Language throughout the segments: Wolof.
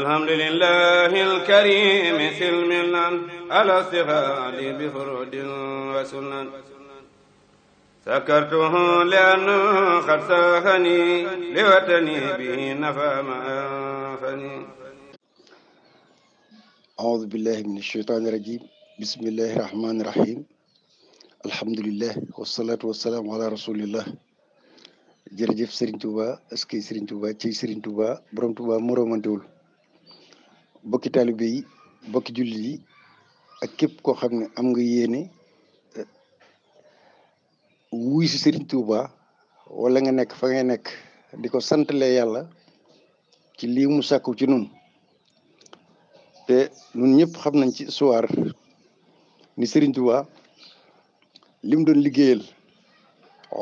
الحمد لله الكريم سلم على استغال بفرود وسنن سكرته لأنه قد ساخني لوطني به نفى ما أنفني أعوذ بالله من الشيطان الرجيم بسم الله الرحمن الرحيم الحمد لله والصلاة والسلام على رسول الله jërëjëf Serigne Touba est-ce que Serigne Touba ci Serigne Touba borom Touba moromantewul bokki taalibe yi bokki jullit ak képp koo xam ne am nga yéene eh, wuy si Serigne Touba wala nga nekk fa nga nekk di ko santale yàlla ci lii mu sàkku ci nun te nun ñëpp xam nañ ci histoire ni Serigne Touba lim doon liggéeyal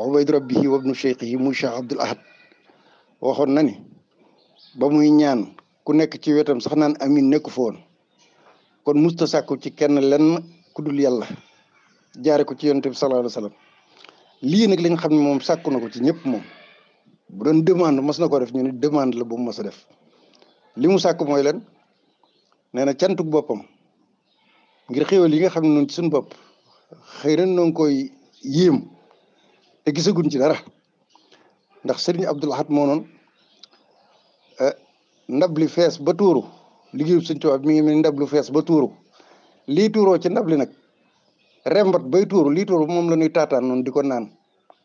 ubayd rabbihi wabnu yi mu Cheikh Abdoul Ahad waxoon na ni ba muy ñaan ku nekk ci wetam sax naan amin nekku foon kon musta sàkku ci kenn lenn ku dul yàlla jaare ko ci yonent bi sallallahu alayhi wa sallam lii nag lañ xam ne moom sàkku na ko ci ñëpp moom bu doon demande mos na ko def ñu ne demande la bu mu a def li mu sàkk mooy leen nee na cantuk boppam ngir xéwal yi nga xam ne noonu ci suñu bopp xëy na noo ngi koy yéem te gisaguñ ci dara ndax Serigne Abdoul Ahad moo eh, ndab li fees ba tuuru liggéeyu Sëñ Tuubaa mi ngi ne ndab lu fees ba tuuru lii tuuroo ci ndab li nag rembat bay tuuru lii tuuru moom la ñuy taataan noonu di ko naan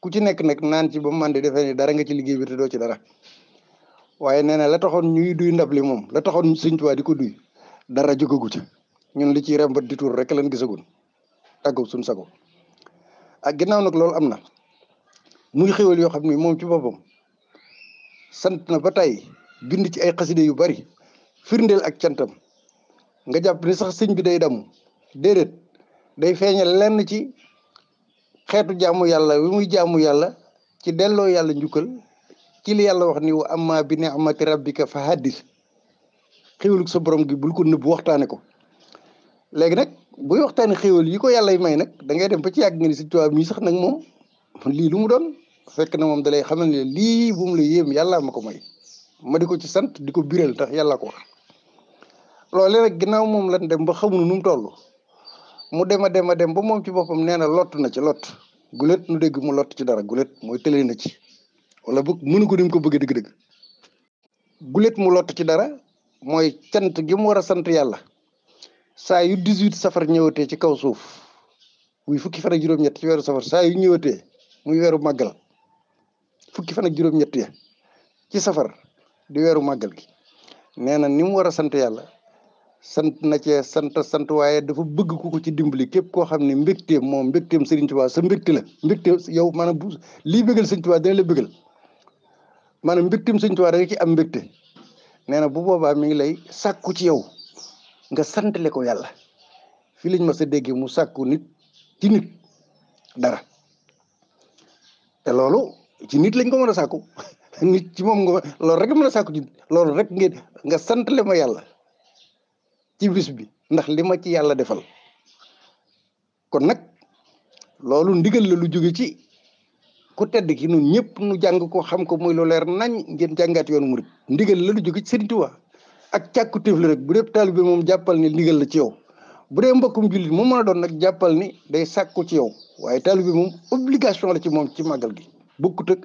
ku ci nekk nag naan ci ba man di defee ni dara nga ci liggéey bi doo ci dara waaye nee na la taxoon ñuy duy ndab li moom la taxoon Sëñ Tuubaa di ko duy dara jógagu ci ñun li ciy rembat di tuur rek lañ gisagul tàggu suñ sago ak ginnaaw nag loolu am na muy xéwal yoo xam ni moom ci boppam sant na ba tey bind ci ay xaside yu bari firndeel ak cantam nga jàpp ni sax sëñ bi day dem déedéet day feeñal lenn ci xeetu jaamu yàlla wi muy jaamu yàlla ci delloo yàlla njukkal ci li yàlla wax ni wa amma bi ni'mati rabbika fa haddis xéwalug sa borom gi bul ko bu waxtaane ko léegi nag buy waxtaane xéwal yi ko yàlla y may nag da ngay dem ba ci yàgg nga ni si tubaab mii sax nag moom lii lu mu doon fekk na moom dalay xamal ne lii bu mu la yàlla ma ko may ma di ko ci sant di ko biral ndax yàlla ko wax loole nag ginnaaw moom lan dem ba xamuñu nu mu toll mu dem a dem a dem ba moom ci boppam nee na lott na ci lot gulet nu dégg mu lott ci dara gulet mooy tëlee na ci wala bu mënu ko ni mu ko bëggee dëgg-dëgg gulet mu lott ci dara mooy cant gi mu war a sant yàlla saa yu 18 safar ñëwatee ci kaw suuf muy fukki fan ak ñett ci weeru safar saa yu ñëwatee muy weeru màggal fukki fan ak ñett ya ci safar di weeru màggal gi nee na ni mu war a sant yàlla sant na cee sant sant waaye dafa bëgg ku ko ci dimbali képp koo xam ne mbégteem moom mbégteem Serigne Touba sa mbégte la mbégte yow maanaam lii bëggal Serigne Touba la bëggal maanaam mbégteem Serigne Touba da ci am mbégte nee na bu boobaa mi ngi lay sàkku ci yow nga santale ko yàlla fii lañ ma sa déggee mu sàkku nit ci nit dara te loolu ci nit lañ ko mën a sàkku nit ci moom nga loolu rek mën a sàkku ji loolu rek ngeen nga santale ma yàlla ci bis bi ndax li ma ci yàlla defal kon nag loolu ndigal la lu jóge ci ku tedd ki ñun ñëpp nu jàng ko xam ko muy lu leer nañ ngeen jàngaat yoonu murit ndigal la lu jóge ci Sëriñ Tuubaa ak càkku téef la rek bu dee taalibe moom jàppal ni ndigal la ci yow bu dee mbokkum jullit mu mën a doon nag jàppal ni day sàkku ci yow waaye taalibe moom obligation la ci moom ci màggal gi bokkut ak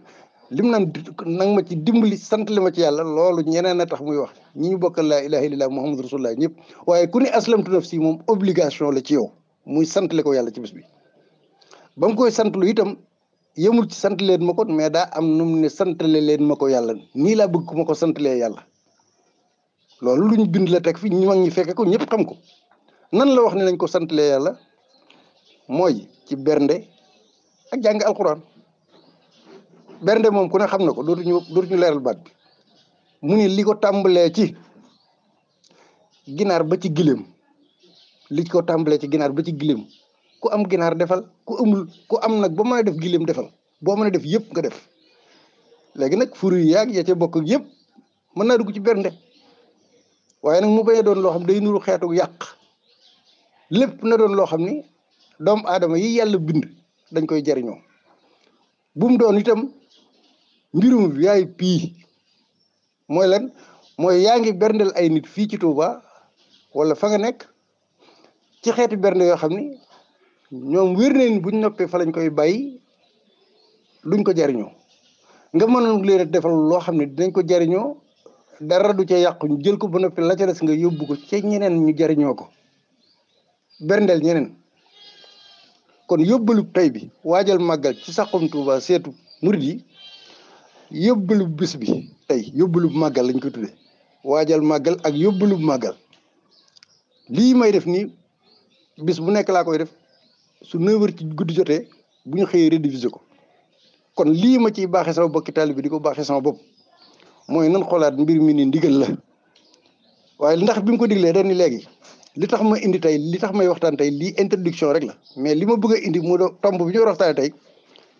lim naan nag ma ci dimbali sant li ci yàlla loolu ñeneen a tax muy wax ñi ñu bokkal laa ilaha illallah muhammadu rasulullah ñëpp waaye ku ne aslamtu nafsi moom obligation la ci yow muy sant ko yàlla ci bés bi ba mu koy sant itam yemul ci sant leen ma mais daa am nu ne santale leen ma ko yàlla nii bëgg ku ma ko santalee yàlla loolu lu ñu bind la teg fi ñu mag ñi fekke ko ñëpp xam ko nan la wax ne nañ ko santalee yàlla mooy ci bernde ak jàng alquran bernde moom ku ne xam na ko dootuñu ñu leeral baat bi mu ni li ko tàmbalee ci ginaar ba ci gileem li ko tàmbalee ci ginaar ba ci gileem ku am ginaar defal ku amul ku am nag ba ma a def gileem defal boo mën a def yëpp nga def léegi nag furu yi yaag ya ca bokk yëpp mën naa dugg ci bernde waaye nag mu bañ a doon loo xam day nuru xeetu yàq lépp na doon loo xam ni doomu aadama yi yàlla bind dañ koy jariñoo bu doon itam mbirum VIP mooy lan mooy yaa ngi berndeel ay nit fii ci tuuba wala fa nga nekk ci xeeti bernde yoo xam ni ñoom wér nañ buñ noppee fa lañ koy bàyyi duñ ko jariñoo nga mënoon leen a defal loo xam ne dinañ ko jariñoo dara du ca yàqu ñu jël ko ba noppi la ca des nga yóbbu ko ca ñeneen ñu jariñoo ko berndeel ñeneen kon yóbbalu tey bi waajal màggal ci Saxum Touba seetu murid yi yóbbalu bis bi tey yóbbalu bu màggal lañ koy tuddee waajal màggal ak yóbbulu bu màggal lii may def nii bis bu nekk laa koy def su 9h guddi jotee bu ñu xëyee rédivisé ko kon lii ma ciy baaxee sama bokki taalibe bi di ko baaxee sama bopp mooy nan xoolaat mbir mi ni ndigal la waaye ndax bi mu ko diglee dañ ni léegi li tax ma indi tey li tax may waxtaan tey lii introduction rek la mais li ma bëgg indi moo tomb bi ñu war a tey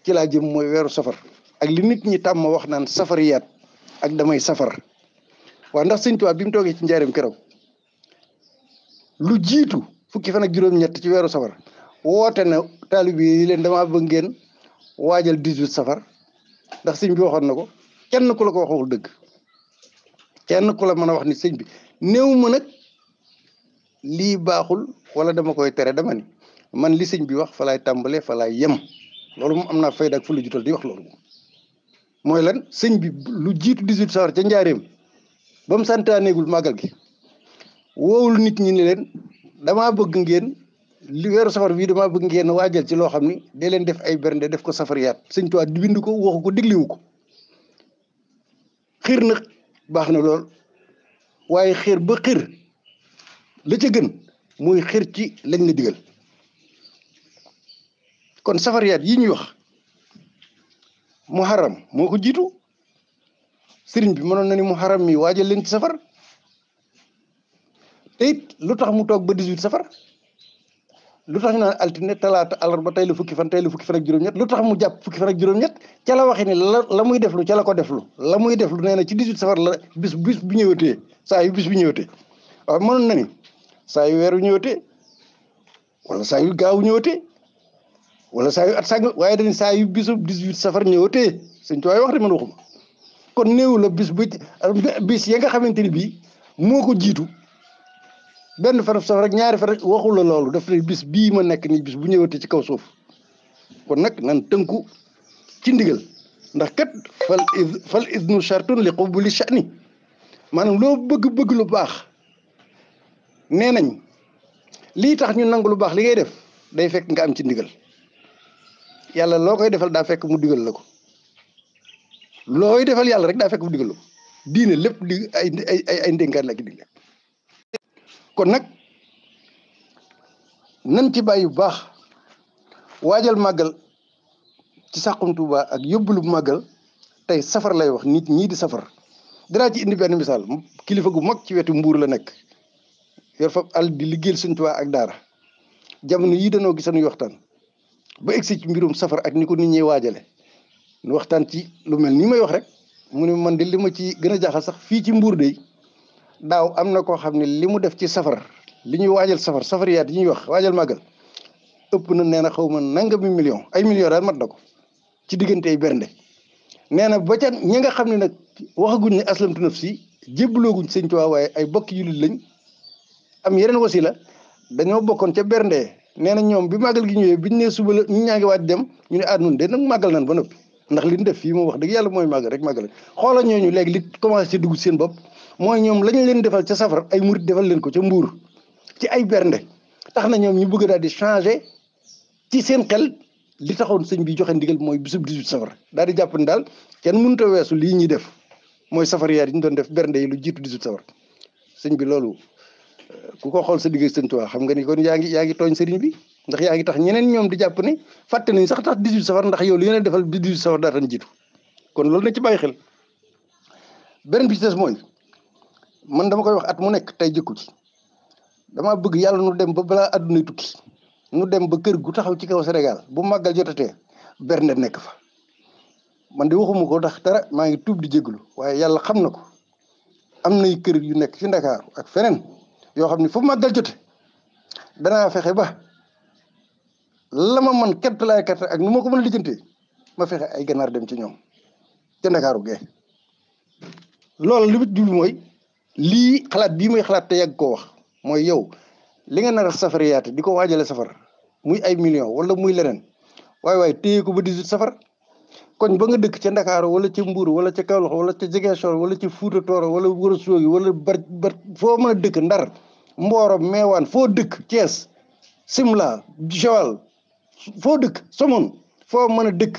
ci laa jëm mooy weeru safar. ak li nit ñi tàmm wax naan safariyaat ak damay safar waaw ndax sëñ Tuubaa bi mu toogee ci njaareem keroog lu jiitu fukki fan ak juróom-ñett ci weeru safar woote na taalibe yi leen damaa bëgg ngeen waajal 18 safar ndax siñ bi waxoon na ko kenn ku la ko waxul dëgg kenn ku la mën a wax ni sëñ bi néew ma nag lii baaxul wala dama koy tere dama ni man li sëñ bi wax fa laay tàmbalee fa laay yem loolu moom am na fayda ak fu lu di wax loolu mooy lan sëñ bi lu jiitu 18 safar ca njaareem ba mu santaaneegul màggal gi wowul nit ñi ne leen damaa bëgg ngeen li weeru safar bii damaa bëgg ngeen waajal ci loo xam ni da leen def ay bernde def ko safariyaat sëñ Tuubaa di bind ko waxu ko ko xiir na baax na lool waaye xiir ba xiir la ca gën muy xiir ci lañ la digal kon safariyaat yi ñuy wax muharram moo ko jiitu sëriñ bi mënoon na ni muharram mi waajal leen ci safar te lu tax mu toog ba 18 safar lu tax ñu naan altine talaata àllarba tey la fukki fan tey la fukki lu tax mu jàpp fukki fan ak juróom-ñett ca la waxee ni muy deflu ca la ko deflu la muy deflu nee na ci 18 safar la bis bis bu ñëwatee saa yu bis bi ñëwatee waaw mënoon na saa yu weer wu ñëwatee wala saa yu gaaw ñëwatee wala saa at sàng waaye dañu saa yu bisu 18 safar ñëwatee sëñ tuwaay wax de man waxuma kon néew la bis bu nga xamante ni bii moo ko jiitu benn fan safar ak ñaari fan waxu la loolu daf lay bis bii ma nekk nii bis bu ñëwatee ci kaw suuf kon nag nan tënku ci ndigal ndax kat fal id fal idnu chartun li qubuli sha'ni maanaam loo bëgg-bëgg lu baax nee nañ lii tax ñu nangu lu baax li def day fekk nga am ci ndigal yàlla loo koy defal daa fekk mu digal la ko koy defal yàlla rek daa fekk mu digal la diine lépp di ay ay ay ndénkaan kon nag nan ci bàyyi bu baax waajal màggal ci Saxum Touba ak yóbbulu bu màggal tey safar lay wax nit ñi di safar dinaa ci indi benn misaal kilifa gu mag ci wetu mbuur la nekk yor fa àll di liggéeyal Sëñ Tuubaa ak daara jamono yii danoo gis seen waxtaan ba egsi ci mbirum safar ak ni ko ni ñi waajale nu waxtaan ci lu mel ni may wax rek mu man di li ma ci gën a jaaxal sax fii ci mbur de daaw am na koo xam ne li mu def ci safar li ñuy waajal safar safar yaat ñuy wax waajal màggal ëpp na nee na xaw ma nangami million ay million daal mat na ko ci diggante ay bernde nee na ba ca ñi nga xam ne nag waxaguñ ne aslamtu nafsi jébbalooguñ sëñ Tuubaa waaye ay bokk yu lañ am yeneen wasila dañoo bokkoon ca bernde nee na ñoom bi màggal gi ñëwee biñ ne suba la ñu ñaa waaj dem ñu ne ah nun de nag màggal nan ba nopp ndax li ñu def fii moom wax dëgg yàlla mooy màggal rek màggal xoolal ñooñu léegi li commencé dugg seen bopp mooy ñoom lañu leen defal ca safar ay murit defal leen ko ca mbuur ci ay bernde tax na ñoom ñu bëgg daal di changé ci seen xel li taxoon sëñ bi joxe ndigal mooy bisub 18 safar daal di jàpp ne daal kenn mun a weesu lii ñuy def mooy safar yaar yi ñu doon def bernde yi lu jiitu 18 safar sëñ bi loolu ku ko xool sa digg sëñ Tuubaa xam nga ni kon yaa ngi yaa ngi tooñ sëriñ bi ndax yaa ngi tax ñeneen ñoom di jàpp ne fàtte nañ sax tax 18 safar ndax yow li ngeen defal bi 18 safar daatan jiitu kon loolu na ci bàyyi xel beneen bi ci des mooy dama koy wax at mu nekk tey jëkku ci damaa bëgg yàlla nu dem ba balaa addunay tukki nu dem ba kër gu taxaw ci kaw Sénégal bu màggal jotatee bernde nekk fa man de waxuma ko ndax dara maa ngi tuub di jéglu waaye yàlla xam na ko am nay kër yu nekk ci Ndakaaru ak feneen yoo xam ne ma màggal jote danaa fexe ba la ma man képp laay kàttan ak nu ma ko mën a lijjantee ma fexe ay ganaar dem ci ñoom te ndakaaru gee loolu li mu jublu mooy lii xalaat bii muy xalaat te yàgg koo wax mooy yow li nga nar a safar yaate di ko waajale safar muy ay million wala muy leneen waaye waaye téye ko ba 18 safar koñ ba nga dëkk ca ndakaaro wala ca Mbuur wala ca Kaolack wala ca Ziguinchor wala ca Fuuta Tooro wala Wuro Soogi wala bar bar foo mën a dëkk Ndar Mbooro Meewaan foo dëkk Thiès Simla Joal foo dëkk Somone foo mën a dëkk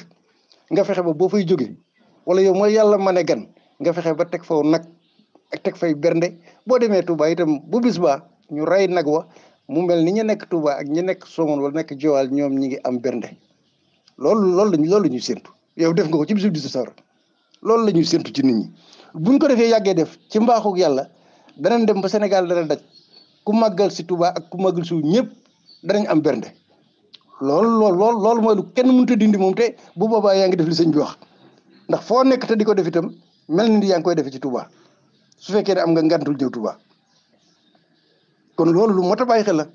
nga fexe ba boo fay jóge wala yow mooy yàlla ma ne gan nga fexe ba teg faw nag ak teg fay bernde boo demee Touba itam bu bis ba ñu rey nag wa mu mel ni ñu nekk Touba ak ñu nekk Somone wala nekk Joal ñoom ñi ngi am bernde loolu loolu ñu séntu yow def nga ko ci bisu di sawar loolu la ñuy séntu ci nit ñi buñ ko defee yàggee def ci mbaaxu yàlla danañ dem ba Sénégal dana daj ku màggal si Touba ak ku màggal si ñëpp danañ am bernde loolu loolu lool loolu mooy lu kenn mun a dindi moom te bu boobaa yaa ngi def li sëñ bi wax ndax foo nekk te di ko def itam mel na ni yaa ngi koy defee ci Touba su fekkee ne am nga ngantul jëw Touba kon loolu lu mot a bàyyi xel la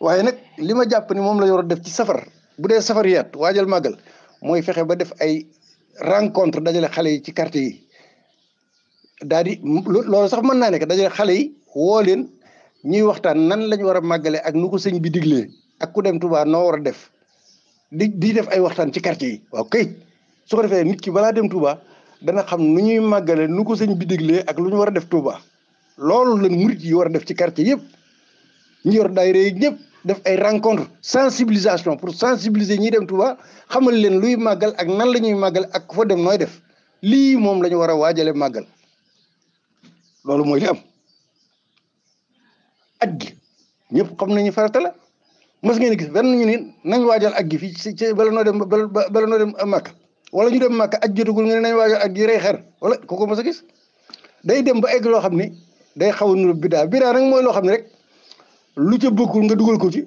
waaye nag li ma jàpp ni moom la yor def ci safar bu dee safariyaat waajal màggal mooy fexe ba def ay rencontre dajale xale yi ci quartier yi daal di loolu sax mën naa nekk dajale xale yi woo leen ñuy waxtaan nan lañ war a màggale ak nu ko sëñ bi ak ku dem Touba noo war a def di di def ay waxtaan ci quartier yi waaw kay su ko defee nit ki balaa dem Touba dana xam nu ñuy màggale nu ko sëñ bi ak lu ñu war a def Touba loolu la murit yi war a def ci quartier yëpp ñu yor daayira yi ñëpp def ay rencontre sensibilisation pour sensibiliser ñiy dem xama xamal leen luy màggal ak nan la ñuy màggal ak ku fa dem nooy def lii moom la ñu war a waajale màggal loolu mooy li am at gi xam nañu farata la mës ngeen gis benn ñu ne nañ waajal at gi fii ci ci noo dem bala noo dem màkk wala ñu dem màkk at jotagul nga ne nañ waajal at gi rey xer wala ku ko mës gis day dem ba egg loo xam ni day xaw a nuru bidaa bidaa nag mooy loo xam ne rek lu ca bokkul nga dugal ko ci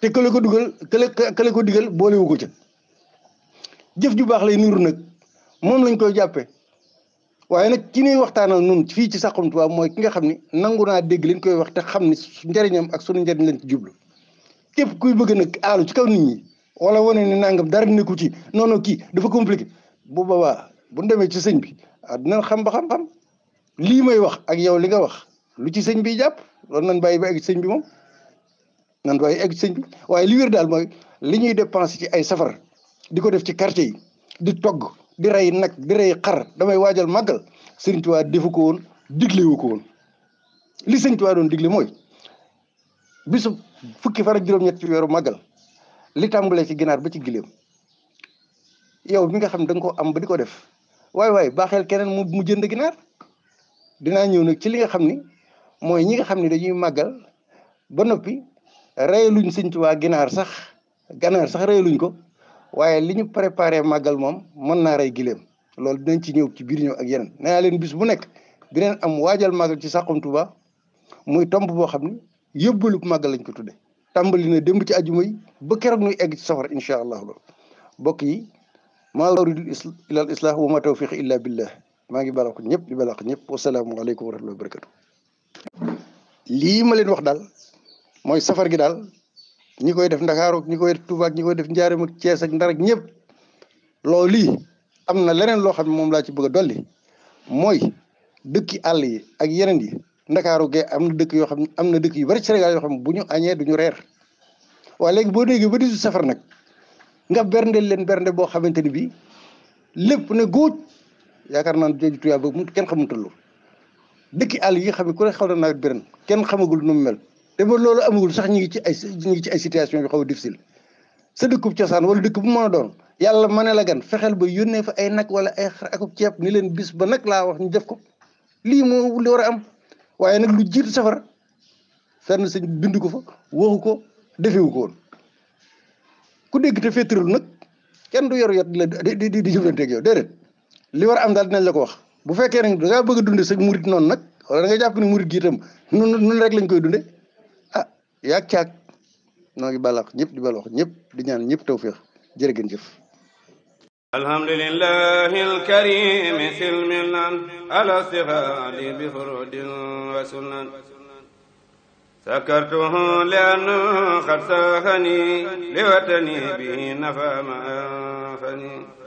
te kële ko dugal kële kële ko digal boolewu ko ca jëf ju baax lay nuru nag moom lañ koy jàppee waaye nag ki ñuy waxtaanal nun fii ci Saxum Touba mooy ki nga xam ni nangu naa dégg liñ koy wax te xam ni njariñam ak sunu njëriñ lañ ci jublu képp kuy bëgg nag aalu ci kaw nit ñi wala wane ni nangam dara nekku ci noonu kii dafa compliqué bu boobaa bu ñu demee ci sëñ bi ah dinañ xam ba xam-xam lii may wax ak yow li nga wax lu ci sëñ bi jàpp loolu nan bàyyi ba egg sëñ bi moom nan bàyyi egg sëñ bi waaye li wér daal mooy li ñuy dépensé ci ay safar di ko def ci quartier yi di togg di rey nag di rey xar damay waajal màggal sëriñ Tuubaa defu ko diglewu ko woon li sëriñ Tuubaa doon digle mooy bisu fukki fan ak juróom-ñett ci weeru màggal li tàmbalee ci ginaar ba ci gileem yow mi nga xam da nga ko am ba di ko def waay waay baaxeel keneen mu mu jënd ginaar dinaa ñëw nag ci li nga xam ni mooy ñi nga xam ne dañuy màggal ba noppi reyaluñ Sëñ Tuubaa ginaar sax ganaar sax reyaluñ ko waaye li ñu préparé màggal moom mën naa rey gileem loolu dañ ci ñëw ci biir ñëw ak yeneen nee leen bis bu nekk dinañ am waajal màggal ci Saxum Touba muy tomb boo xam ne yóbbalu màggal lañ ko tudde tàmbali na démb ci ajuma yi ba keroog ñuy egg ci safar incha allah loolu mbokk yi maa uridu illa al islah wa ma tawfiq illa billah maa ngi balaax ñëpp di balaax ñëpp wasalaamu aleykum wa rahmatullahi wa barakatu lii ma leen wax daal mooy safar gi daal ñi koy def Ndakaaru ñi koy def Touba ak ñi koy def Njaaréem ak Cees ak Ndar ak ñëpp loolu am na leneen loo xam ne moom laa ci bëgg a dolli mooy dëkki àll yi ak yeneen yi Ndakaaru ge am na dëkk yoo xam ne am na dëkk yu bari ci Sénégal xam ne bu ñu añee du ñu reer waaye léegi boo déggee ba di safar nag nga bernde leen bernde boo xamante ni bii lépp ne góoj yaakaar naa ne jooju tuyaaba ken xamutalul. dëkki àll yi xam ne ku ne xaw na nawet bi kenn xamagul nu mu mel te ba loolu amagul sax ñu ngi ci ay ngi ci ay situation yu xaw a difficile sa dëkkub cosaan wala dëkk bu mën a doon yàlla ma ne la gan fexeel ba yónnee fa ay nag wala ay xar akub ceeb ni leen bis ba nag laa wax ñu def ko lii moo li war a am waaye nag lu jiitu safara fenn sëñ bind ko fa waxu ko defewu ko woon ku degg te féetarul nag kenn du yor yot di la di di di jëflanteeg yow déedéet li war a am daal dinañ la ko wax bu fekkee nag dangaa bëgg a dunde sa murit noonu nag wala da jàpp ne murit gi itam nun nun rek koy dunde ah yaag caag noo balax ñëpp di balax ñëpp di ñaan ñëpp tawféex jërë ngeen jëf alhamdulillahi alkarim silmilan alastihadi bi furudin wa sunan sakartuhu lianna qad sahani liwatani bihi nafa ma